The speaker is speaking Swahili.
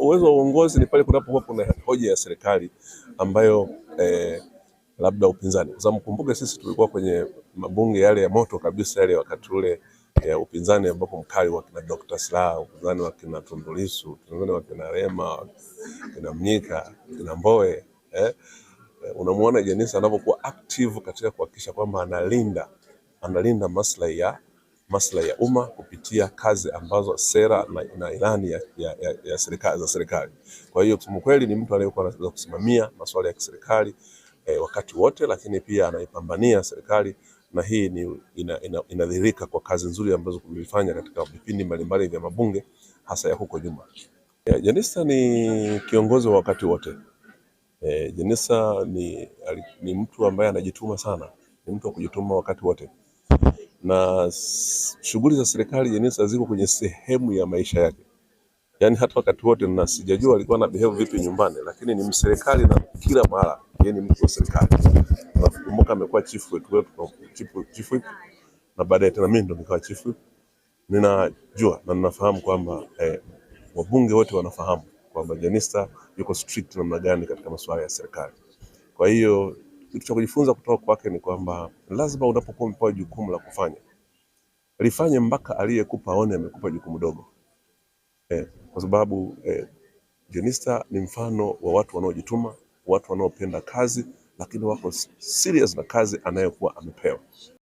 uwezo wa uongozi ni pale kunapokuwa kuna hoja ya serikali ambayo eh, labda upinzani, kwa sababu kumbuke sisi tulikuwa kwenye mabunge yale ya moto kabisa yale wakati ule ya upinzani ambapo mkali wa kina Dr. Slaa, upinzani wa kina Tundu Lissu, upinzani wa kina Rema, kina Mnyika, kina Mbowe eh? Unamuona Jenista anapokuwa active katika kuhakikisha kwamba analinda analinda maslahi ya maslahi ya umma kupitia kazi ambazo sera na, na ilani ya, ya, ya, ya serikali, za serikali. Kwa hiyo kusema kweli ni mtu aliyekuwa anaweza kusimamia masuala ya kiserikali eh, wakati wote, lakini pia anaipambania serikali na hii ni inadhihirika kwa kazi nzuri ambazo kulifanya katika vipindi mbalimbali vya mabunge hasa ya huko nyuma. E, eh, Jenista ni kiongozi wa wakati wote. Eh, Jenista ni, ni mtu ambaye anajituma sana, ni mtu wa kujituma wakati wote na shughuli za serikali Jenista ziko kwenye sehemu ya maisha yake. Yaani hata wakati wote, na sijajua alikuwa na behave vipi nyumbani, lakini ni mserikali na kila mara yeye ni mtu wa serikali. Nakumbuka amekuwa chief wetu wetu kwa chief wetu, na baadaye tena mimi ndo nikawa chief. Ninajua na ninafahamu kwamba eh, wabunge wote wanafahamu kwamba Jenista yuko strict namna gani katika masuala ya serikali. Kwa hiyo kitu cha kujifunza kutoka kwake ni kwamba lazima unapokuwa umepewa jukumu la kufanya lifanye mpaka aliyekupa aone amekupa jukumu dogo eh, kwa sababu eh, Jenista ni mfano wa watu wanaojituma, watu wanaopenda kazi, lakini wako serious na kazi anayokuwa amepewa.